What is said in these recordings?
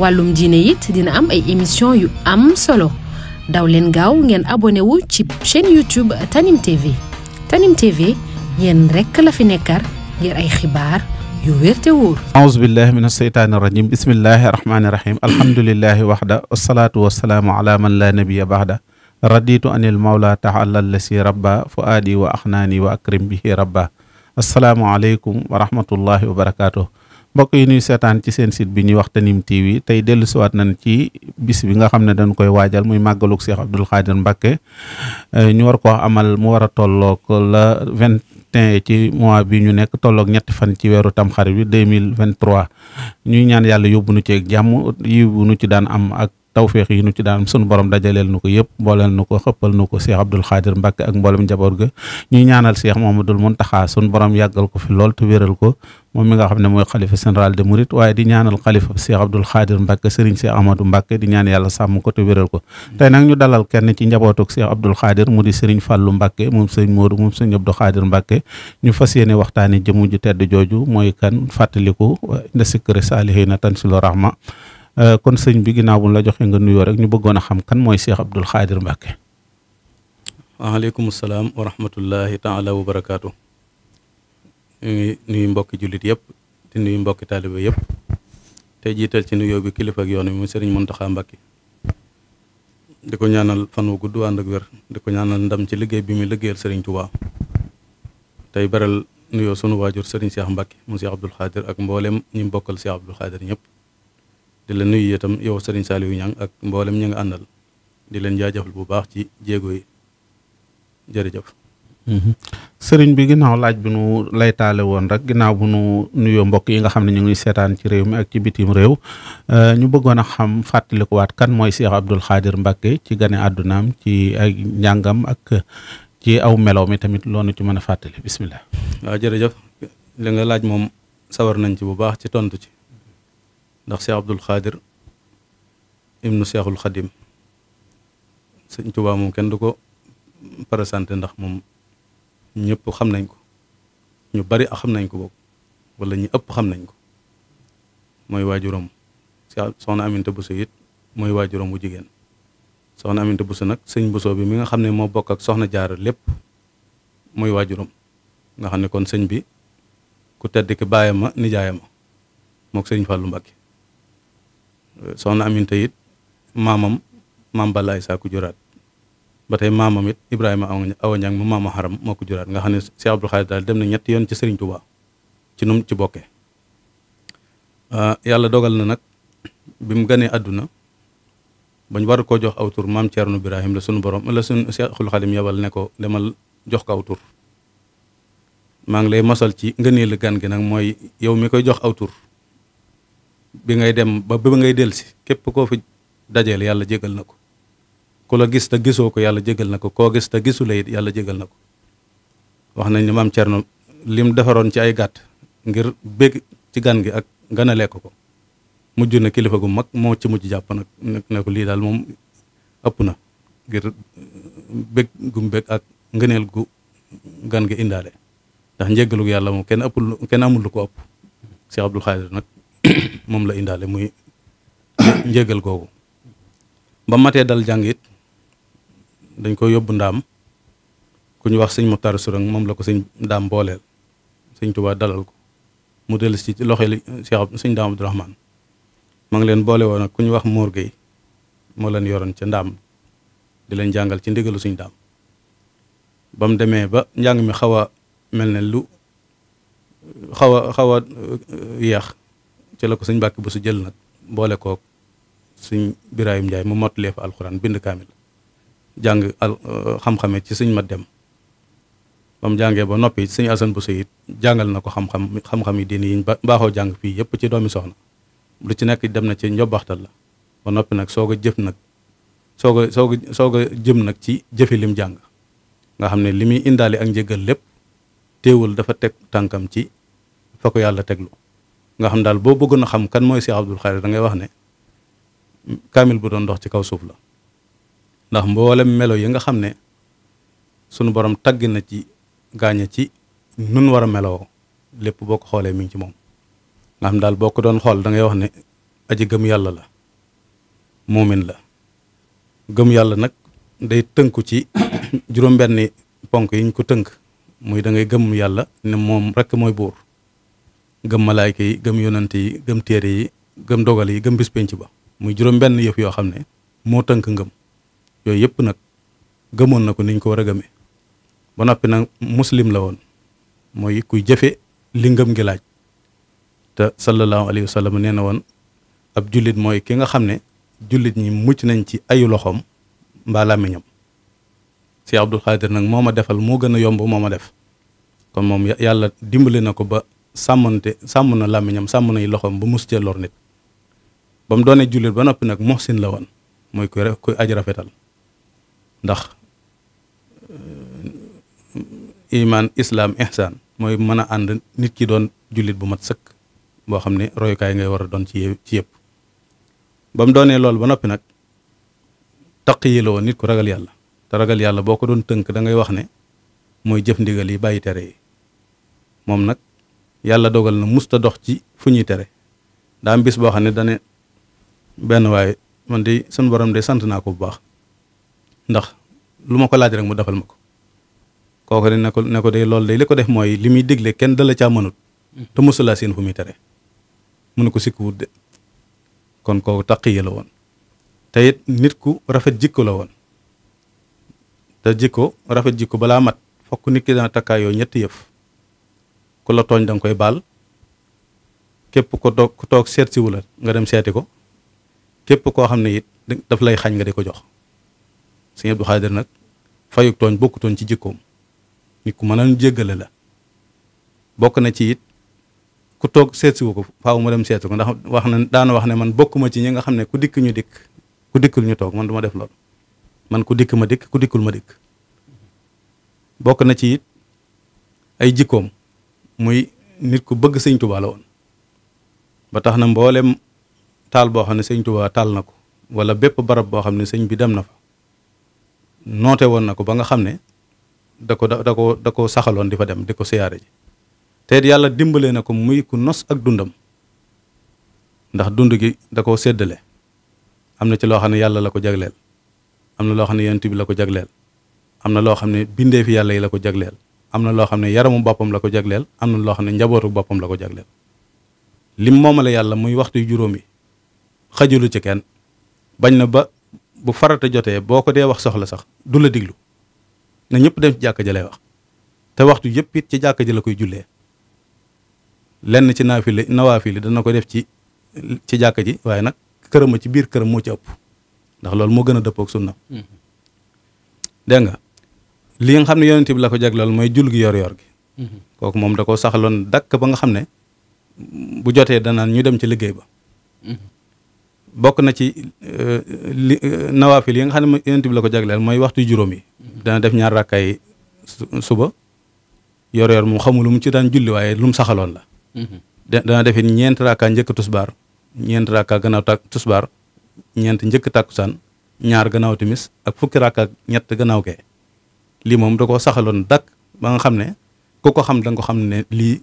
wàllum diine it dina am ay émission yu am solo daw leen gaaw ngeen abonné wu ci chaîne YouTube Tanim TV Tanim TV yéen rekk la fi nekkar ngir ay xibaar yu wér te wóor aouzu billahi min asheytaani irajim bismillahi rahmaani rahim alhamdulilahi waxda wasalaatu wasalaamu ala man la nabiya baxda raditu anil mawla taala lasi rabba fuaadi wa axnaani wa akrim bihi rabba asalaamu aleykum wa rahmatullahi wa barakatuh mbokk yi nuy seetaan ci seen site bi ñuy wax Tanime TV tey dellu siwaat nañ ci bis bi nga xam ne dañ koy waajal muy màggalug Cheikh Abdoul Khadir Mbacké euh, ñu war koo amal mu war a tolloog la vingt et ci mois bi ñu nekk tolloog ñetti fan ci weeru tamxarit bi deux mille vingt trois ñuy ñaan yàlla yóbbu nu ceeg jàmm yiwu nu ci daan am ak tawféex yi nu ci daan sunu borom dajaleel nu ko yëpp mbooleel nu ko xëppal nu ko Cheikh Abdoul Khadir Mbacké ak mboolem njaboot ga ñuy ñaanal moom Cheikh mun Mountakha sunu borom yàggal ko fi lool te wéral ko moom mi nga xam ne mooy xalifa général de Mouride waaye di ñaanal xalifa Cheikh Abdoul Khadir Mbacke Serigne Cheikh Amadou Mbacke di ñaan yàlla sàmm ko te wéral ko tey nag ñu dalal kenn ci njabootug Cheikh Abdoul Khadir mu di Serigne Fallou Mbacke moom Serigne Modou moom Serigne Abdoul Khadir Mbacke ñu fas yéene waxtaane jëmu ju tedd jooju mooy kan fàttaliku nda sikkëri saalihiina tansilu rahma euh, kon sëñ bi ginnaaw bu la joxe nga nuyoo rek ñu bëggoon a xam kan mooy Cheikh Abdoul Khadir Mbacke waaleykum salaam wa rahmatullahi ñu nuyu mbokki jullit yëpp di nuyu mbokki taalibe yëpp te jiital ci nuyoo bi kilifa ak yoon wi mu sëriñ Muntaxa Mbàkke di ko ñaanal fan wu gudd ànd ak wér di ko ñaanal ndam ci liggéey bi muy liggéeyal sëriñ Tuubaa tey beral nuyoo sunu waajur sëriñ Cheikh Mbàkke mu Cheikh Abdul Xaadir ak mboolem ñi mbokkal Cheikh Abdul Xaadir ñëpp di la nuyu itam yow sëriñ Saliou Niang ak mboolem ñi nga àndal di leen jaajëfal bu baax ci jéego yi jërëjëf mm-hmm. sëriñ bi ginnaaw laaj bi nu lay taale woon rek ginnaaw bu nu nuyoo mbokk yi nga xam ne ñu ngi seetaan ci réew mi ak ci bitim réew euh, ñu bëggoon a xam waat kan mooy Cheikh abdul Khadir Mbacke ci gane àddunaam ci ay njàngam ak ci aw melow mi tamit loonu ci mën a fàttali bisimilah. waaw jërëjëf li nga laaj moom sawar nañ ci bu baax ci tontu ci ndax Cheikh Abdoul Khadir ibnu Cheikhul Khadim sëñ Tuubaa moom kenn du ko présenté ndax moom. ñëpp xam nañ ko ñu bari xam nañ ko boobu wala ñu ëpp xam nañ ko mooy waajuram soxna Aminta Bousso yit mooy waajuram wu jigéen soxna Aminta Bousso nag sëñ Bousso bi mi nga xam ne moo bokk ak soxna Jaara lépp mooy waajuram nga xam ne kon sëñ bi ku tedd ki ma nijaayama mook sëñ Fallou mbakki soxna Aminta it maamam maam Balaay saa juraat ba tey maamam it Ibrahima Awa Niang mu maama xaram moo ko juraat nga xam ne Cheikh Abdou Khadir daal dem na ñetti yoon ci Serigne Touba ci num ci bokkee ah, yàlla dogal na nag bi mu ganee àdduna bañ war koo jox aw tur maam Thierno Birahim la sunu borom la sunu Cheikhul Khadim yebal ne ko demal jox ko aw tur maa ngi lay masal ci ngëneelu gan gi nag mooy yow mi koy jox aw tur bi ngay dem ba ba ngay dellusi képp koo fi dajeel yàlla jégal na ko ku la gis te gisoo ko yàlla jégal na ko koo gis te gisu la it yàlla jégal na ko wax nañ ne maam Cerno lim defaroon ci ay gàtt ngir bég ci gan gi ak gën a lekk ko mujj na kilifa gu mag moo ci mujj jàpp nag ne ko lii daal moom ëpp na ngir bég gum bég ak ngëneel gu gan gi indaale ndax njéggalu yàlla moom kenn ëppul kenn lu ko ëpp Cheikh Abdoul Khadir nag moom la indaale muy njéggal googu ba matee dal jàng it dañ koy yóbbu ndaam ku ñu wax sëñ Mokhtar Sourang moom la ko sëñ ndaam booleel sëñ Tuubaa dalal ko mu dellu si loxeel Cheikh sëñ Ndaam Abdou Rahman ma ngi leen boole woon nag ku ñu wax Mor Gueye moo leen yoroon ca ndaam di leen jàngal ci ndigalu suñ ndaam ba mu demee ba njàng mi xaw a mel ne lu xaw a xaw a euh, yeex ci la ko suñ mbàkk bu su jël nag mboole kook suñ Birahim njaay mu mottalee fa alxuraan bind kaamil jàng al euh, xam-xame ci suñ mat dem ba jàngee ba noppi sëñ asan bu sayit jàngal na ko xam-xam yi diine yi baaxoo jàng fii yëpp ci doomi soxna lu ci nekk dem na ci njobbaxtal la ba noppi nag soog a jëf nag soog a soog a soog a jëm nag ci jëfe lim jàng nga xam ne li muy indaale ak njëgal lépp téewul dafa teg tànkam ci fa ko yàlla teglu nga xam daal boo bëggoon a xam kan mooy Cheikh Abdoul Khadr da wax ne kaamil bu doon ndox ci kaw suuf la ndax mboolem melo yi nga xam ne sunu borom tagg na ci gaaña ci nun war a meloo lépp boo ko xoolee mi ngi ci moom nga xam daal boo ko doon xool dangay wax ne aji gëm yàlla la muumin la gëm yàlla nag day tënku ci juróom-benni ponk ko tënk muy da ngay yàlla ne moom rekk mooy buur gëm malaayka yi gëm yonante yi gëm téere yi gëm dogal yi gëm bis penc ba muy juróom-benn yëf yoo xam ne moo tënk ngëm yooyu yëpp nag gëmoon na ko niñ ko war a gëmee ba noppi nag muslim la woon mooy kuy jëfe li ngëm gi laaj te sallallahu alayhi wa sallam nee na woon ab jullit mooy ki nga xam ne jullit ñi mucc nañ ci ay loxoom mbaa làmmiñam si Abdul Xaadir nag moo ma defal moo gën a yomb moo ma def kon moom yàlla dimbali na ko ba sàmmante sàmm na làmmiñam sàmm nay loxoom ba mus cee lor nit ba mu doonee jullit ba noppi nag muhsin la woon mooy kuy aj rafetal ndax euh, imaan islaam ihsaan mooy mën a ànd nit ki doon jullit bu mat sëkk boo xam ne royukaay ngay war a doon ci ci yëpp ba mu doonee loolu ba noppi nag taqiyi la woon nit ku ragal yàlla te ragal yàlla boo ko doon tënk da ngay wax ne mooy jëf ndigal yi bàyyi tere yi moom nag yàlla dogal na musta dox ci fu ñuy tere daa am boo xam ne dane benn waaye man de sun borom de sant naa ko bu baax ndax lu ma ko laaj rek mu defal ma ko kooku ne ko ne ko day loolu day li ko def mooy li muy digle kenn dala caa mënut mm-hmm. te mosulaa seen fu muy tere mu ne ko sikk de kon kooku taqiya la woon te it nit ku rafet jikko la woon te jikko rafet jikko balaa mat fokk nit ki takkaay yooyu ñetti yëf ku la tooñ danga koy baal képp ko toog ku toog seet siwu la nga dem seeti ko képp koo xam ne it daf lay xañ nga di ko jox sëñ Abdou Khadir nag fayuk tooñ bokkutoon ci jikkoom nit ku mën a jéggale la bokk na ci it ku toog seetsiwu ko faaw ma dem seetu ko ndax wax na daana wax ne man bokkuma ci ñi nga xam ne ku dikk ñu dikk ku dikkul ñu toog man du def loolu man ku dikk ma dikk ku dikkul ma dikk bokk na ci it ay jikkoom muy nit ku bëgg sëñ Tuubaa la woon ba tax na mboolem taal boo xam ne sëñ Tuubaa taal na ko wala bépp barab boo xam ne sëñ bi dem na fa noote woon na ko ba nga xam ne da ko da ko da ko saxaloon di fa dem di ko siyaare ji te yàlla dimbalee na ko muy ku nos ak dundam ndax dund gi da koo séddale am na ci loo xam ne yàlla la ko jagleel am na loo xam ne yonent bi la ko jagleel am na loo xam ne bindee fi yàlla yi la ko jagleel am na loo xam ne yaramu boppam la ko jagleel am na loo xam ne njabootu boppam la ko jagleel lim moomale yàlla muy waxtu juróom xajulu ci kenn bañ na ba bu farata jotee boo ko dee wax soxla sax du la diglu na ñëpp dem jàkka ja lay wax te waxtu yëpp it ci jàkka ji la koy jullee lenn ci naafile nawaafile dana ko def ci ci jàkka ji waaye nag kërama ci biir këram moo ci ëpp ndax loolu moo gën a dëppoog sunna mhm. dégg nga li nga xam ne yonent bi la ko jag loolu mooy jul gi yor-yor gi. Mhm. kooku moom da ko saxloon dakk ba nga xam ne bu jotee danaan ñu dem ci liggéey ba. Mhm. bokk na ci euh, li euh, nawaafil yi nga xam ne yonent bi la ko jagleel mooy waxtu juróom yi dana def ñaar rakkaay suba yor yor moom xamul lu mu ci daan julli waaye lu mu saxaloon la mhm. dana defit ñeent rakkaa njëkk tusbaar ñeent rakkaa gannaaw takk tusbaar ñeent njëkk tàkkusaan ñaar gannaaw timis ak fukki rakkaa ñett gannaaw kee lii moom da ko saxaloon dakk ba nga xam ne ku ko xam da nga ko xam ne lii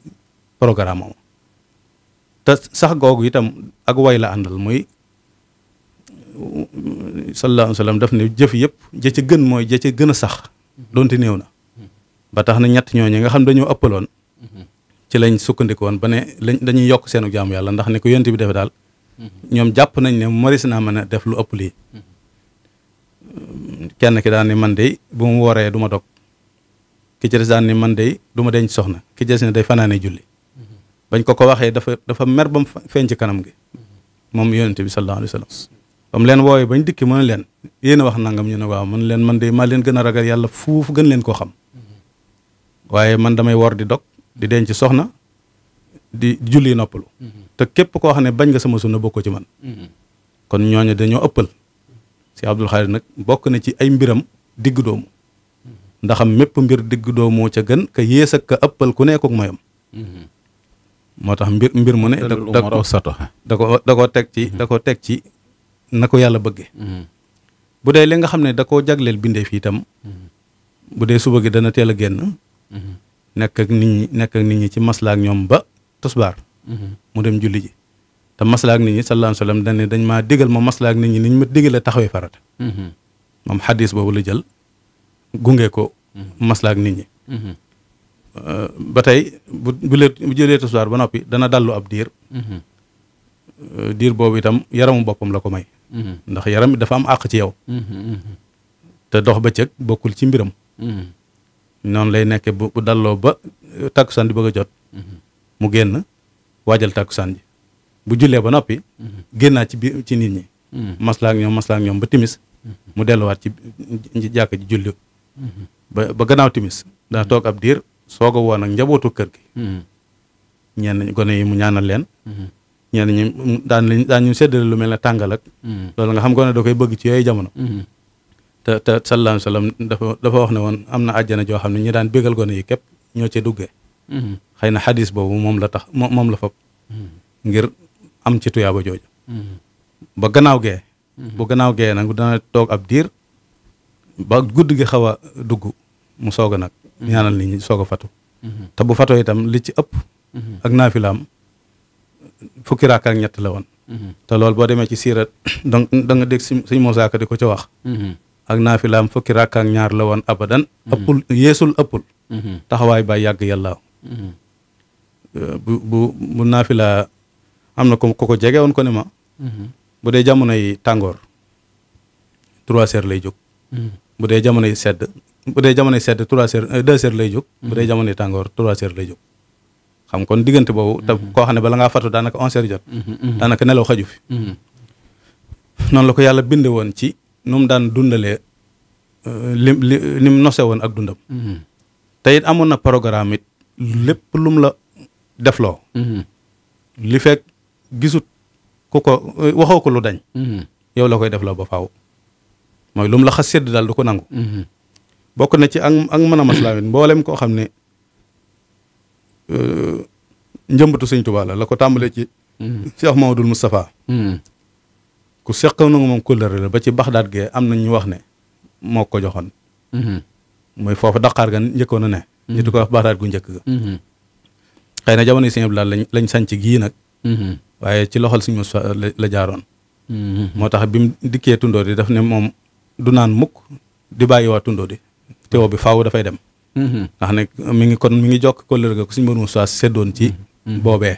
programme moom sax googu itam ak way la àndal mooy sallallahu alayhi wa sallam daf ne jëf yëpp ja ca gën mooy ja ca gën a sax doonte néew na ba tax na ñett ñooñu nga xam dañoo ëppaloon ci lañ sukkandikoon ba ne lañ dañuy yokk seenu jaamu yàlla ndax ne ko yonent bi defe daal ñoom jàpp nañ ne maris naa mën a def lu ëpp lii kenn ki daan ni man de bu mu wooree duma dog ki ci des daan ni man dey duma ma denc soxna ki ci des ne day fanaane julli bañ ko ko waxee dafa dafa mer ba mu feeñ ci kanam gi moom yonent bi sallallahu ba mu leen woowee bañ dikki mën leen yéen a wax nangam ñu ne waaw mën leen man de maa leen gën a ragal yàlla fuuf gën leen koo xam waaye man damay wor di dog di denc soxna di julli noppalu te képp koo xam ne bañ nga sama sunna bokkoo ci man kon ñooñu dañoo ëppal si Abdul Xaadir nag bokk na ci ay mbiram digg doomu ndaxam mépp mbir digg doomu ca gën ka yées ak ka ëppal ku nekkook moyam moo tax mbir mbir mu ne da teg ci da teg ci na ko yàlla bëgge mhm. bu dee li nga xam ne da koo jagleel fii tam mhm. bu dee suba gi dana teel a génn mhm. nekk ak nit ñi nekk ak nit ñi ci maslaak ñoom ba tosbaar dem julli te maslaak nit ñi sallallahu alayhi wasallam dañ ne dañ maa digal ma maslaak nit ñi niñ ma digalee taxawee farata moom xadis boobu la jël gunge ko maslaak nit ñi euh, ba tey bu bu lee ba noppi dana dallu ab diir euh, diir boobu itam yaramu boppam la ko may ndax yaram bi dafa am àq ci yow te dox bëccëg bokkul ci mbiram noonu lay nekke bu dalloo ba euh, tàkkusaan ji bëgg a jot mu génn waajal tàkkusaan ji bu jullee ba noppi génnaa ci bi ci nit ñi maslaa ak ñoom maslaa ñoom ba timis mu delluwaat ci jàkk ji julli ba ba gannaaw timis daa toog ab diir soog a woon ak njabootu kër gi ñenn gone yi mu ñaanal leen ñenn ñi daan lañ daan ñu séddale lu mel ne tàngal ak hmm. loolu nga xam ko ne da koy bëgg ci yooyu jamono hmm. te te sallallahu alayhi wasallam dafa dafa wax ne woon am na àjjana joo xam ne ñi daan bégal gone yi képp ñoo ca duggee hmm. xëy na xadis boobu moom la tax moom la fab ngir am ci tuyaaba jooju ba gannaaw gee bu gannaaw gee nag dana toog ab diir ba gudd gi xaw a dugg mu soog a nag ñaanal nit ñi soog a fatu te bu fatoo itam li ëpp ak naafilaam fukki raak ak ñett la woon mm-hmm. te loolu boo demee ci siirat donc da nga dégg sëñ Moussa Ka di ko ca wax mm-hmm. ak naafilaam fukki raak ak ñaar la woon abadan mm-hmm. ëppul yeesul ëppul taxawaay ba yàgg yàlla euh, bu bu bu am na ko ko jege woon ko ne ma bu dee jamono yi tàngoor trois heures lay jóg bu dee jamono yi sedd bu dee jamono sedd trois heures euh, deux heures lay bu dee jamono tàngoor trois heures lay jóg xam kon diggante boobu te mhm. koo xam ne bala ngaa fatu daanaka onze heures jot mhm, mhm. daanaka nelaw xaju fi noonu la ko yàlla binde woon ci nu mu daan dundale euh, li li nose woon ak dundam te it amoon na programme it lépp lu mu la defloo li fekk gisut ku ko euh, waxoo ko lu dañ yow la koy defloo ba faaw mooy lu la xas sedd daal du ko nangu bokk na ci ak mën a maslaa mboolem koo xam ne Euh, njëmbatu sëñ Tuubaa la ko tàmbalee ci. Mm-hmm. Cheikh Mamadul Moustapha. Mm-hmm. ku seqoon na moom kóllëre la ba ci baxdaat gee am na ñu wax ne moo ko joxoon. Mm-hmm. mooy foofu daqaar ga njëkkoon a ne. ñu di ko wax baxdaat gu njëkk ga. xëy na jamono yi sëñ Abdoulaye lañ lañ gi gii nag. waaye ci loxol sëñ Moustapha la jaaroon. moo tax bi mu dikkee tundoo daf ne moom du naan mukk di bàyyi waa tundoo di teewoo bi faaw dafay dem. ndax nag mi ngi kon mi ngi jokk kóllëre ga ko suñu mbir mu sois seddoon ci mhm. boobee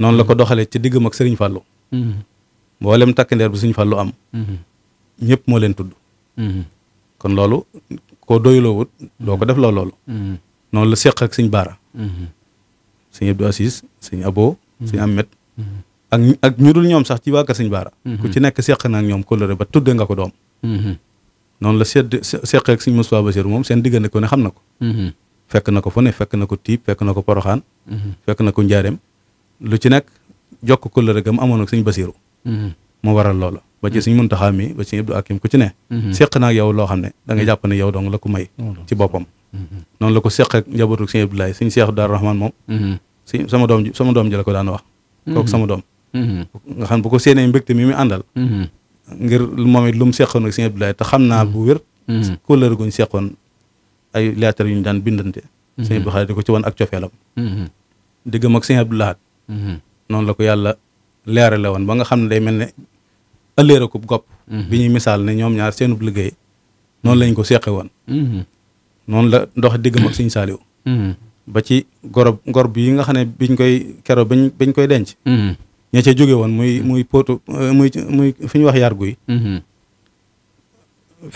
noonu la ko doxalee ci diggam ak sëriñ Fallou mhm. mboolem takk ndeer bi suñu Fallou am mhm. ñëpp moo leen tudd kon loolu ko doyuloo wut doo ko def loo loolu noonu la seq ak suñ baara suñ Abdou Assis suñ Abo suñ Amet ak ak ñu dul ñoom sax ci waa ka suñ baara ku ci nekk seq na ak ñoom kóllëre ba tudde nga ko doom noonu la sedd seq ak sëñ Moustapha Bachir moom seen diggante ko ne xam na ko mm-hmm. fekk na ko fu ne fekk na ko tiib fekk na ko poroxaan mm-hmm. fekk na ko njaareem lu ci nekk jokk kóllëre ga mu amoon ak sëñ Basiru mu mm-hmm. waral loola ba ci sëñ Muntaxa mi ba ci Abdou Akim ku ci ne seq na ak yow loo xam ne da nga jàpp ne yow moom sama doom ji ko daan wax kooku sama doom nga xam bu ko séenee mbégte mi àndal ngir moom it lu mu seqoon ak sëñ Abdoulaye te xam naa bu wér. Mm-hmm. kóllëre guñ seqoon ay lettre yu ñu daan bindante. Mm-hmm. sëñ Abdou Khadre di ko ci woon ak cofeelam. Mm-hmm. diggam ak sëñ Abdou Lahad. noonu la ko yàlla leerale woon ba nga xam ne day mel ne ëllëre ko gopp. bi ñuy misaal ne ñoom ñaar seenub liggéey noonu lañ ko seqe woon. noonu la ndox diggam ak sëñ Saliou. ba ci gorob gor bi nga xam ne biñ koy kero bañ bañ koy denc. ña ca jóge woon muy muy potu euh, muy muy fi ñu wax yar guy mm-hmm.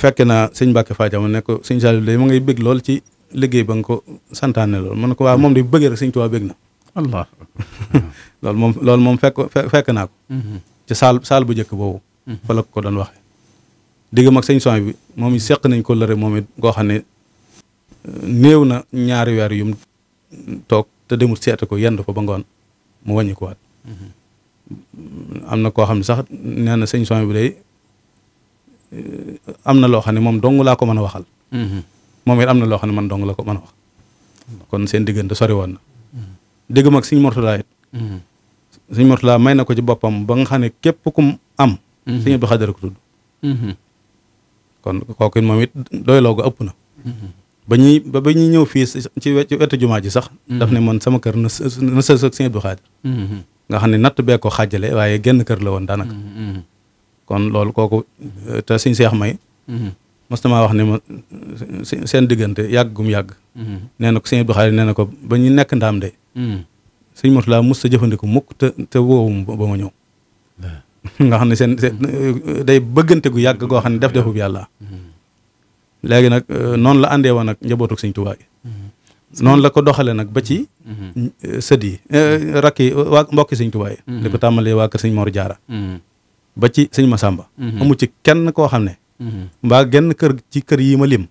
fekk naa sëñ Mbàkke Faajama ne ko sëñ Saliou day ma ngay bëgg lool ci liggéey ba nga ko santaane lool mu ne ko waaw moom de bëggee rek sëñ Tuubaa bëgg na allah loolu moom loolu moom ko mm-hmm. ci saal bu njëkk boobu mm-hmm. fa ko doon waxee diggam ak sëñ son bi moom seq nañ ko lëre moom it goo xam ne euh, na ñaari weer yum toog te demul seete ko yendu fa ba ngoon mu wàññi am na koo xam ne sax nee na sëñ son bi day eh, am na loo xam ne moom dong laa ko mën a waxal. Mm-hmm. moom it am na loo xam ne man dong la ko mën a wax. kon seen diggante sori woon na. Mm-hmm. dégg mag sëñ Mortala it. Mm-hmm. sëñ Mortala may na ko ci boppam ba nga xam ne képp kum am. sëñ Abdou Khadre kon kooku moom it doyloo ko ëpp na. ba ñuy ba ba ñëw fii ci wetu jumaa ji sax. daf ne man sama kër na sa na sa sëñ nga xam ne natt bee ko xaajale waaye genn kër la woon daanaka. Mm-hmm, mm-hmm. kon loolu kooku euh, te sëñ seex may. Mm-hmm. mos na maa wax ne ma seen diggante yàgg gum yàgg. nee na ko sëñ Abdou na ko ba ñu nekk ndaam de. sëñ Mourtala mos sa jëfandiku mukk te te woowum ba ma ñëw. nga xam ne seen day bëggante gu yàgg goo xam ne def defub yàlla. léegi nag euh, noonu la àndee woon ak njabootu sëñ Tuubaa noonu la ko doxale nag ba ci mhm. mm, euh, sët yi euh, rakk yi waa mbokki sëñ Tuubaa yi li mhm. ko tàmbalee waa kër sëñ Mor Jaara mhm. ba ci sëñ Masamba a ci kenn koo xam ne mbaa genn kër ci kër yi ma lim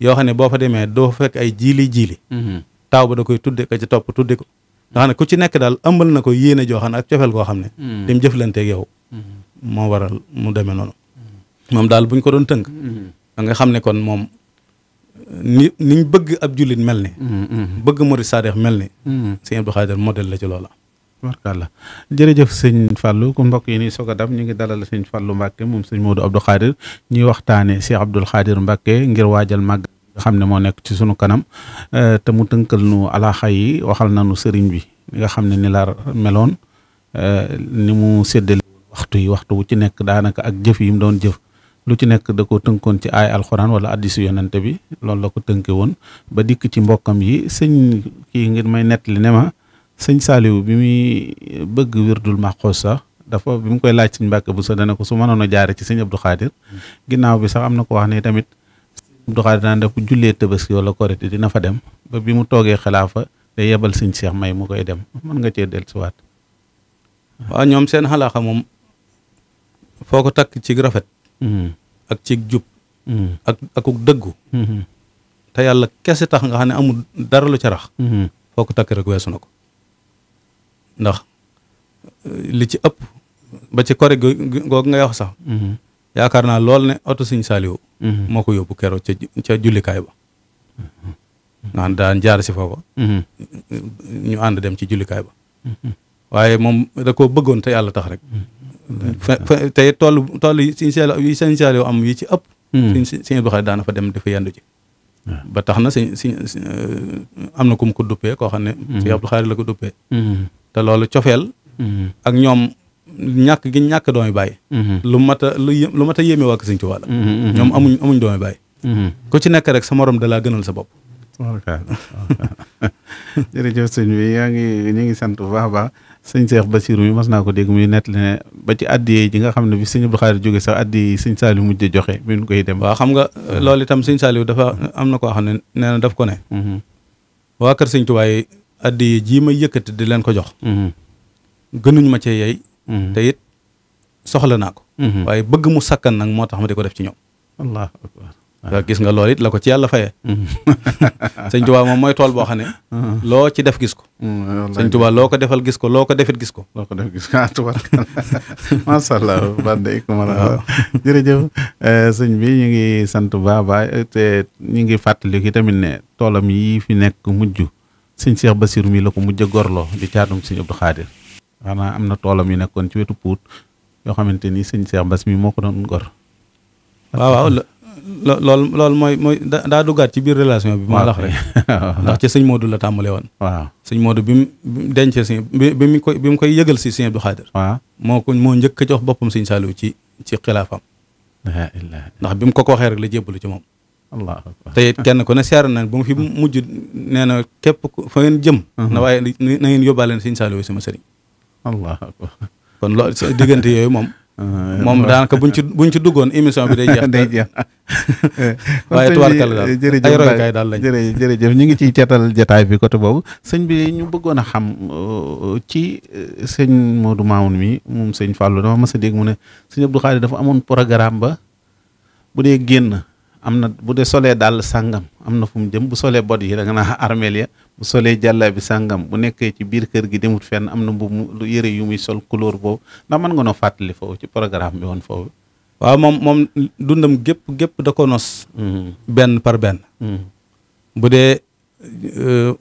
yoo xam ne boo fa demee doo fekk ay jiili jiili taaw ba da koy tudde ko ci topp tudde ko nga xam ne ku ci nekk daal ëmbal na ko yéene joo xam ne ak cofeel koo xam ne lim jëflanteeg yow moo waral mu demee noonu moom daal buñ ko doon tënk da xam ne kon moom ni niñ bëgg ab jullit mel ni mm, mm, mm. bëgg murid saadeex mel ni sëñ Abdou Khadir la ci loola barkalla jërëjëf sëñ Fallou ku mbokk yi nii soog a dab ñu ngi dalal sëñ Fallou Mbacke moom sëñ Modou Abdou Khadir ñuy waxtaane Cheikh Abdou Khadir Mbacke ngir waajal màgg nga xam ne moo nekk ci sunu kanam eh, te mu tënkal nu alaaxa yi waxal nañu sëriñ bi nga xam ne ni la meloon eh, ni mu séddale waxtu yi waxtu wu ci nekk daanaka ak jëf yi mu doon jëf lu ci nekk da ko tënkoon ci ay alxuraan wala addisu bi loolu la ko tënke woon ba dikk ci mbokkam yi sëñ kii ngir may li ne ma sëñ Saaliw bi muy bëgg wirdul maxoos sax dafa bi mu koy laaj sëñ Mbàkke bu sa dana ko su manoon a jaare ci sëñ Abdou Khadir ginnaaw bi sax am na ko wax ne tamit Abdou Khadir daan def bu jullee tabaski wala korite dina fa dem ba bi mu toogee xilaafa day yebal sëñ Cheikh May mu koy dem mën nga cee dellusiwaat waaw ñoom seen xalaaxa moom ko takk ci rafet Mm-hmm. ak ci jub mm-hmm. ak akuk dëggu mm-hmm. te yàlla kese tax nga xam ne amul dara lu ca rax foo ko takk weesu na ndax euh, li ci ëpp ba ci kore googu ngay wax sax yaakaar naa lool ne oto Sëñ Saaliw moo ko yóbbu keroog ca ca jullikaay ba nga xam daan jaar si foofa ñu ànd dem ci jullikaay ba waaye moom da bëggoon te yàlla tax rek tey tool tool yi siñ seel yi sëñ seel am yi ëpp siñ siñ Abdou Khadre daana fa dem dafa yendu ji hmm. ba tax na siñ siñ euh, am na ku mu ko duppee koo xam ne hmm. siñ Abdou Khadre la ko duppee hmm. te loolu cofeel ak ñoom ñàkk gi ñàkk doomi bàyyi lu mat a lu mat a yéeme waa Sëñ Tuubaa la ñoom amuñ amuñ doomi bàyyi ku ci nekk rek sa morom da laa gënal sëñ Seex Basiru bi mas naa ko dégg mu nettali ne ba ci addiye ji nga xam ne bi sëñ Abdou Khadre jóge sax addiye yi sëñ Saaliw mujj joxe bi ñu koy dem waa xam nga loolu itam sëñ Saaliw dafa am na koo xam ne nee na daf ko ne mm-hmm. waa kër sëñ waaye yi addiye jii ma yëkkati di leen ko jox mm-hmm. gënuñ ma cee yey mm-hmm. te it soxla naa ko waaye bëgg mu sakkan nag moo tax ma di ko def ci ñoom waaw gis nga loolu it la ko ci yàlla fayee. Mm-hmm. sëñ Tuba moom mooy tool boo xam ne. Mm-hmm. loo ci def gis ko. Mm-hmm. sëñ Tuba loo ko defal gis ko loo ko defit gis ko. loo ko def gis ko ah tubarkalla macha allah jërëjëf eh, sëñ bi ñu ngi sant baaba eh, te ñu ngi fàttali ki tamit ne toolam yi fi nekk mujj sëñ seex Basir mi la ko mujj a gorloo di caatum sëñ Abdou Khadir xanaa am na toolam yu nekkoon ci wetu puut yoo xamante ni sëñ seex Bas mi moo ko doon gor. lool loolu mooy mooy daa duggaat ci biir relation bi. maa lax rek ndax ci sëñ Modou la tàmbale woon. waaw sëñ Modou bi mu dencee sëñ bi bi mu koy bi mu koy yëgal si sëñ Abdou Khadir. moo ko moo njëkk jox boppam sëñ Saliou ci ci xilaafam. ndax bi mu ko ko waxee rek la jébbalu ci moom. allah te it kenn ku ne seer na ba mu fi mujj nee na képp fa ngeen jëm. Uh-huh. na waaye na ngeen yóbbaale ne sëñ Saliou sama sëriñ. allah kon loolu diggante yooyu moom. Uh-huh. moom daanaka buñ ci buñ ci duggoon émission bi day jeex. day jeex waaye tubaarkalla daal ay roykaay daal lañ. jërëjëf jërëjëf ñu ngi ciy teetal jataay bi côté boobu sëñ bi ñu bëggoon a xam uh, ci uh, sëñ Modou Mamoun mi moom sëñ Fallou dama mës a dégg mu ne sëñ Abdou Khadre dafa amoon programme ba bu dee génn. am na bu dee solee dàll sàngam am na fu mu jëm bu solee bot yi da nga naa armeel ya bu solee jàlla bi sàngam bu nekkee ci biir kër gi demut fenn am na mbubu yëre yu muy sol couleur boobu ndax mën nga noo fàttali foofu ci programme bi woon foofu waaw moom moom dundam gépp gépp da ko mm-hmm. benn par benn mm-hmm. bu dee euh,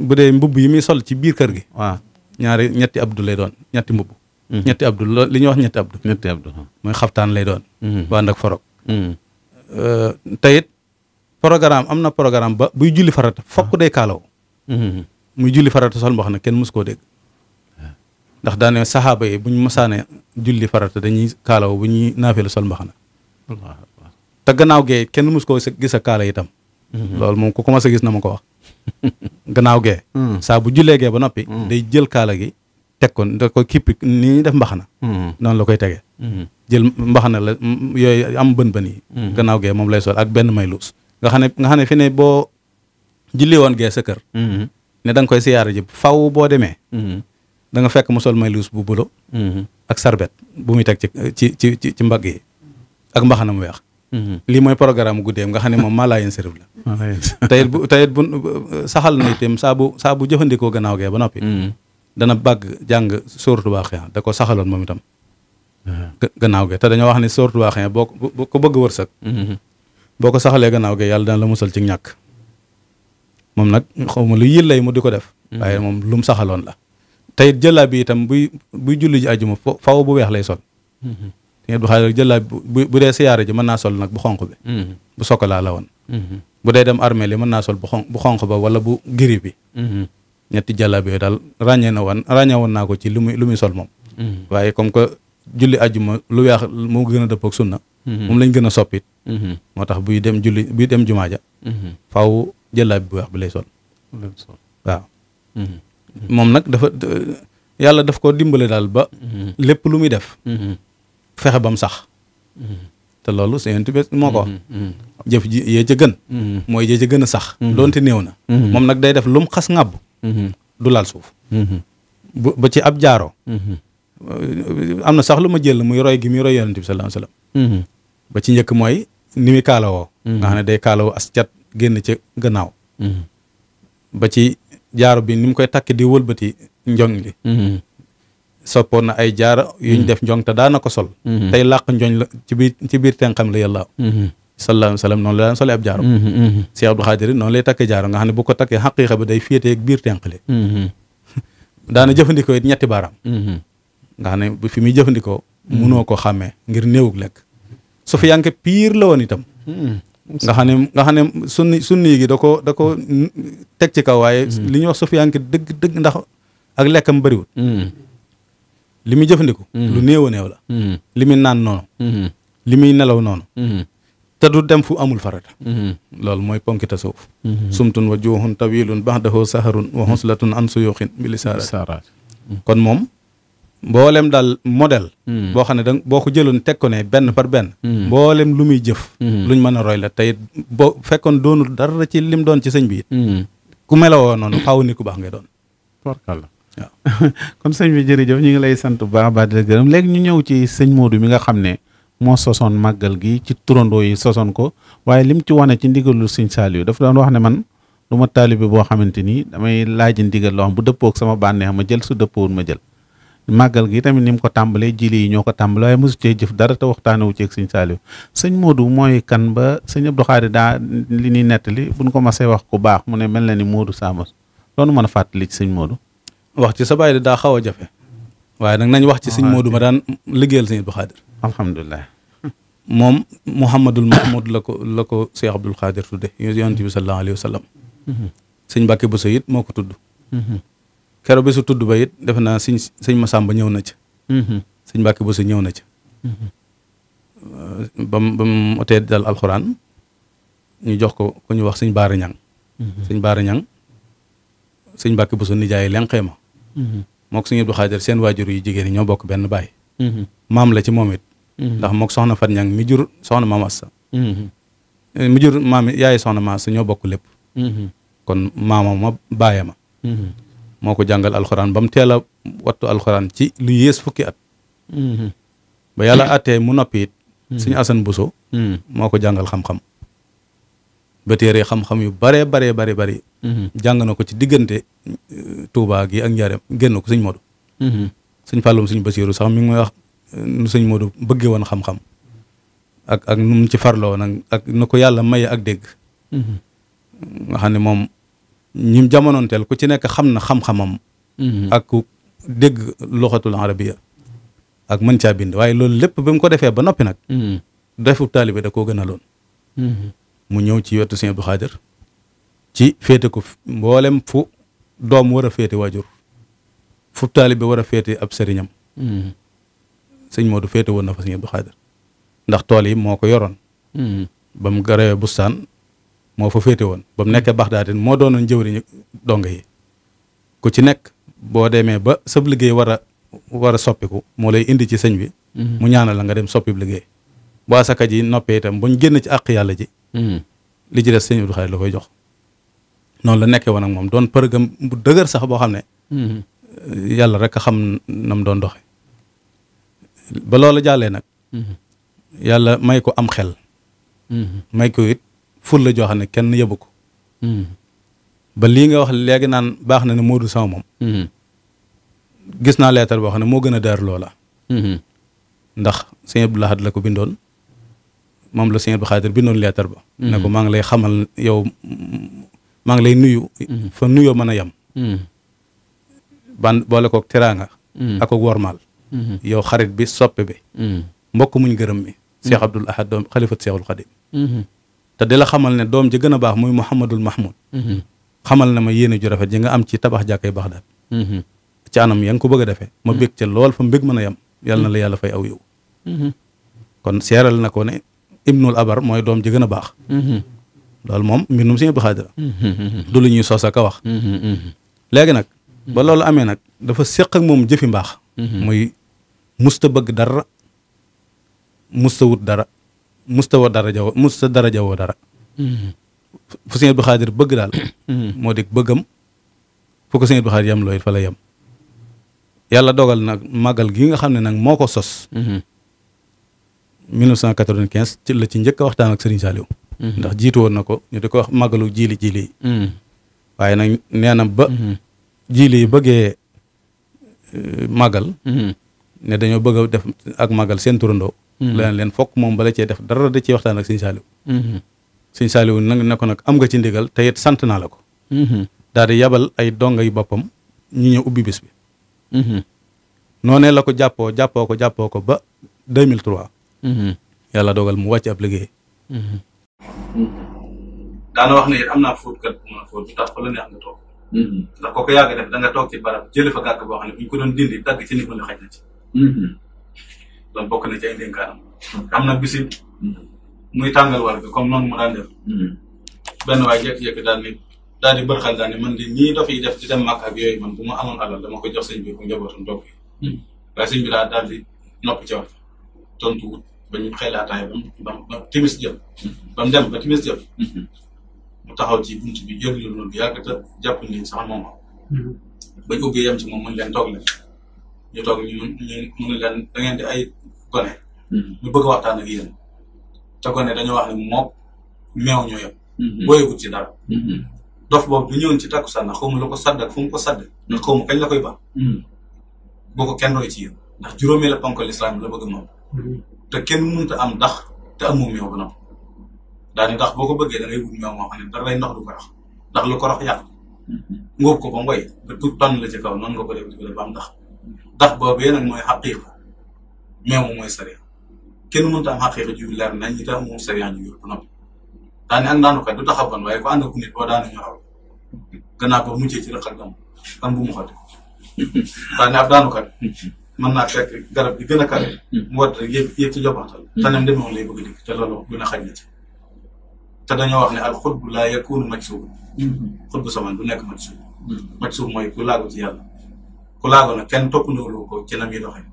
bu dee mbubb yi muy sol ci biir kër gi waa ñaari ñetti abdu lay doon ñetti mbubb mm-hmm. ñetti abdu li ñuy wax ñetti abdu mooy xaftaan lay doon bu ànd ak Euh, tayit programme am na programme ba buy julli farata fokk ah. day kaalaw mm-hmm. muy julli farata sol mbaxana kenn mës koo dégg ah. ndax daane saxaaba yi bu ñu masaane julli farata dañuy kaalaw bu ñuy naafeelu sol mbaxana te gannaaw gee kenn mës koo gis kaala itam mm-hmm. loolu moom ku commencé gis na ma ko wax gannaaw gee mm. saa bu jullee gee ba noppi mm. day jël kaala gi teg ko da ko kippi ni def mbaxana mm-hmm. noonu la koy tegee jël mbaxana la yooyu am bën bën yi mm-hmm. gannaaw gee moom lay sol ak benn may luus nga xam ne nga xam ne fi ne boo julli woon gee sa kër mm-hmm. ne da koy siyaara ji faw boo demee mm-hmm. danga fekk mu sol may luus bu bulo ak sarbet bu muy teg ci ci ci ci mbagg yi ak mbaxana mu weex lii mooy programme guddeem nga xam ne moom maa laa yéen la tayit bu tayit bu saxal na itam saa bu saa bu jëfandikoo gannaaw gee ba noppi dana bagg jàng sóoratu baax da ko saxaloon moom itam gannaaw ge te dañoo wax ne sortu waaxee boo ko ko bëgg wërsëg mm-hmm. boo ko saxalee gannaaw ge yàlla dana la musal ci ñàkk moom nag xaw ma lu yil lay mu di ko def mm-hmm. waaye moom lu mu saxaloon la tey jëllaa bi tam buy buy julli ji àjjuma faw bu weex lay sol Sëñ mm-hmm. Abdou Khadre jëllaa bi bu dee siyaare ji mën naa sol nag bu xonq bi bu sokolaa la woon bu dee dem armée li mën naa sol bu xonq bu xonq ba bu giri bi ñetti jàllaabe yooyu daal ràññee na woon ràññee woon naa ko ci lu muy lu muy sol moom waaye comme julli ajjuma lu weex moo gën a dëppoog sunna mhm. moom lañ gën a soppit mhm. moo tax buy dem julli buy dem jumaa ja mhm. faw jëllaa bu weex bi lay sol waaw moom nag dafa yàlla daf ko dimbale daal ba lépp lu muy def fexe bam sax te loolu seentu bi moo ko jëf ji yee ca gën mooy yee gën a sax doonte néew na moom nag day def lu mu xas ŋàbb du laal suuf ba ci ab jaaroo am na sax lu ma jël muy roy gi muy roy yonent bi sallallahu alayhi mhm. ba ci njëkk mooy ni muy kaalawoo mhm. nga xam ne day kaalawoo as cat génn ca gannaaw mhm. ba ci jaaro bi ni mu koy takk di wëlbati njoŋ li soppoon na ay jaaro yuñ def njoŋ te daana ko sol tey làq njoñ la ci biir ci biir tenqam la yàlla sallallahu alayhi wa sallam noonu la daan solee ab jaaro Cheikh Abdou Khadir noonu lay takkee jaaro nga xam ne bu ko takkee xaqiiqa bi day féetee biir tenq li daana jëfandikoo it ñetti nga xam ne fi muy jëfandikoo. Hmm. munoo ko xàmmee ngir néewug lekk. su fi yanke piir la woon itam. Hmm. nga xam ne nga xam ne sunni sunni gi da ko teg ci kaw waaye hmm. li ñuy wax sufiyanke dëgg dëgg ndax ak lekkam bëriwul li muy jëfandiku lu néew a la li muy naan noonu li muy nelaw noonu te du dem fu amul farata loolu mooy ponki tasawuf sumtun wa juuxun tawilun baxdahu saharun wa xoslatun an suyuxin bi li saaraat kon moom mbooleem daal model hmm. boo xam ne da boo ko jëloon teg ko ne benn par benn hmm. mboolem lu muy jëf hmm. luñ mën a roy la tey boo fekkoon doonul dara ci lim doon ci sëñ bi it ku melawoo noonu faaw ni ku baax ngay doon tubarkàlla kon sëñ bi jërëjëf ñu ngi lay sant bu baax baax gërëm léegi ñu ñëw ci sëñ Modou mi nga xam ne moo sosoon màggal gi ci turandoo yi sosoon ko waaye lim ci wane ci ndigalul sëñ Saliou dafa doon wax ne man du ma taalibe boo xamante ni damay laaj ndigal loo xam bu dëppook sama bànneex ma jël su dëppoowul ma jël màggal gi tamit ni mu ko tàmbalee jili yi ñoo ko tàmbale waaye mosu cee jëf dara te waxtaanewu ceeg sëñ Saaliw sëñ Moodu mooy kan ba sëñ Abdou Khadre daa li ñuy nettali buñ ko masee wax ku baax mu ne mel na ni Moodu saama loolu mën a fàttali sëñ Moodu wax ci sa bàyyi daa xaw a jafe waaye nag nañ wax ci sëñ ah, Moodu ma daan liggéeyal sëñ Abdou Khadre alhamdulilah moom Mouhamadul Mahmoud la ko la ko Cheikh Abdou Khadre tudde yonent bi sallallahu alayhi wa sallam mhm. sëñ Mbàkke Bousso it moo ko tudd mhm. kero bi su tudd ba it defe naa sëñ sëñ Masamba ñëw na ca mm-hmm. sëñ bu Buso ñëw na ca mm-hmm. uh, bam mu ba dal alxuraan ñu jox ko ku ñu wax sëñ baar Ñaŋ mm-hmm. sëñ Baara Ñaŋ sëñ bu Buso nijaay lenqee ma moo ko sëñ Abdu Xaadir seen waajur yi jigéen ñoo bokk benn baay maam la ci moom it ndax mook soxna Fat Ñaŋ mi jur soxna maam Assa eh, mi jur maam yaay soxna maam Assa ñoo bokk lépp kon maama ma baaya moo ko jàngal alxuraan ba mu a wattu alxuraan ci lu yées fukki at. Mhm. ba yàlla àttee mu noppi it. Mhm. suñu asan buso mhm. moo ko jàngal xam-xam. ba téere xam-xam yu baree baree bari bari. jàng na ko ci diggante euh, Touba gi ak Njaareem génn ko suñ Modou. suñ Fallum suñ Basiiru sax mi ngi may wax nu euh, suñ Modou bëggee woon xam-xam. ak ak nu ci farloo nag ak nu ko yàlla maye ak dégg. nga xam ne moom ñim jamonoonteel ku ci nekk xam na xam-xamam. Mhm. ak ku dégg loxatul arabiya ak mën caa bind waaye loolu lépp ba mu ko defee ba noppi nag. Mhm. defu taalibe da koo gën loon. Mhm. mu ñëw ci wetu Sëñ Abdu Xaadir ci féete ko mboolem fu doom war a féete waajur fu taalibe war a féete ab sëriñam. sëñ Modou féete woon na fa ndax tool yi moo ko yoroon. ba mu bustaan moo fa féete woon ba mu nekkee baxdaatin moo doonoon jëwriñu dong yi ku ci nekk boo demee ba sab liggéey war a war a soppiku moo lay indi ci sëñ bi mm-hmm. mu ñaanal la nga dem soppib liggéey bu saka ji noppee itam buñ génn ci àq yàlla ji mm-hmm. li ci des sëñ Abdou Khadre la koy jox noonu la nekkee woon ak moom doon për përgam bu dëgër sax boo xam ne mm-hmm. yàlla rek a xam na mu doon doxe ba loolu jàllee nag yàlla may ko am xel may ko it ful la joo xam ne kenn yëbu ko hmm. ba lii nga wax léegi naan baax na ne moodu Sow moom hmm. gis naa leetar boo xam ne moo gën a daar loola hmm. ndax sëñ Abdou Lahad la ko bindoon moom la sëñ Abdou Khadir bindoon leetar ba ne ko maa lay xamal yow maa ngi lay nuyu fa nuyoo mën a yem ban boole kook teraanga ak ko wormaal yow xarit bi soppe bi mbokk muñ gërëm mi Cheikh Abdoul Ahad doom xalifat Cheikhul Khadim te di la xamal ne doom ji gën a baax muy Mouhamadul Mahmoud. Mhm. xamal na ma yéene ju rafet ji nga am ci tabax jàkkay Baxdaad mhm. ca anam ya nga ko bëgg a defee ma mhm. bég ca lool fa mbég mën a yem yàlla na la yàlla fay aw yow kon seeral na ko ne ibnul abar mooy doom ji gën a baax loolu moom mbindum Sëñ Abdu Xaadir du lu ñuy sos ak a wax léegi nag ba loolu amee nag dafa séq moom jëfi mbaax muy musta bëgg dara musta wut dara mustawa daraja woo musta daraja woo dara mm-hmm. fu sëñ Abdou Khadir bëgg daal mm-hmm. moo di bëggam fu ko sëñ Abdou Khadir yem looy fa la yem yàlla dogal nag màggal gi nga xam ne nag moo ko sos 1995 mm-hmm. ci la ci njëkk waxtaan ak Serigne Saliou ndax jiitu woon na ko ñu di ko wax màggalu jiili jiili yi waaye nag nee na ba jiili yi bëggee eh, màggal ne dañoo bëgg a def ak màggal seen turandoo Mm-hmm. leneen leen fokk moom bala cee def dara da cee waxtaan ak sëñ Saaliw mm-hmm. sëñ Saaliw nag ne ko nag am nga ci ndigal te it sant naa la ko mm-hmm. daal di yabal ay donga yu boppam ñu ñëw ubbi bis bi noonee la ko jàppoo jàppoo ko jàppoo ko ba 2003 yàlla dogal mu wàcc ab liggéey daana wax ne am naa fóotkat bu mën a fóot bu tax fa la yàgg def da toog ci barab jële fa gàkk boo xam ne ñu ko doon dindi dagg ci ni mën a xaj na ci loolu bokk na ci ay ndénkaanam. am na bisit muy tàngal war bi comme noonu mu daan def. Hmm. benn waay jékki-jékki daal ni daal di bërxal daal man di ñii dof yi def man ma amoon ko jox sëñ bi hmm. bi daal daal di noppi ca wax tontu wut ba ñu xelaataay ba mu ba timis jël. Hmm. ba mu dem ba timis jël. mu taxaw ci bunt bi jël lu yàgg te jàpp ni sax moom. ba ñu ubbee yem ci moom mën leen toog leen. ñu toog ñu leen ñu ne leen hmm. bëgg waxtaan ak yéen. dañoo wax ne moom meew ñoo yem. Hmm. booyegut ci dara. Hmm. dof boobu du ñëwoon ci takkusaan ndax xaw ma la ko sàdd ak fu ko sàdd. ndax xaw kañ la koy ba. boo ko kenn roy ci yéen. ndax juróomee la ponk lislaam la bëgg moom. te kenn mënut a am ndax daal ndax boo ko bëggee da ngay wut meew moo dara lay ndox du ko rax ndax lu ko rax yàq. ko ba ngoy ba tuut la ci kaw nga ko def di ba am ndax. ndax boobee nag mooy xaqiiqa mais moom mooy sariya kenn mënut a am xaqiiqa ju leer nañ itam moom sariya ju yor bu noppi daane ak daanu kat du taxaw ban waaye ku ànd ku nit boo daanu ñu xaw gannaaw boo mujjee ci rëqal dam kan bu mu xote daane ab daanu kat man naa fekk garab bi gën a kare mu war rek yëpp yëpp mm-hmm. gën a xaj na ci te dañoo wax ne al xutbu laa yakunu maj suub mm-hmm. xutbu saman du nekk maj suub mm-hmm. maj suub mooy ku laagu ci yàlla ku laagoon nag kenn topp ndoolu ko ci nam yi doxee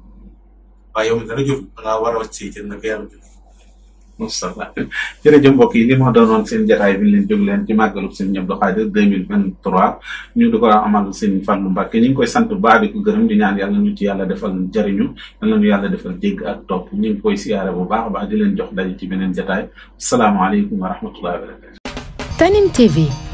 waaye yow mi dara jur dangaa war a wàcc si jën nag yàlla jur masalla jërëjëf mbokk yi li moo doonoon seen jataay bi ñu leen jóg leen ci màggalu seen Abdou Khadre deux mille vingt trois ñu di ko amal seen Fallou Mbacke ñu ngi koy sant bu baax di ko gërëm di ñaan yàlla ñu ci yàlla defal jëriñu yàlla ñu yàlla defal jégg ak topp ñu ngi koy siyaare bu baax baax di leen jox daje ci beneen jataay asalaamaaleykum wa rahmatullahi wa Tanim TV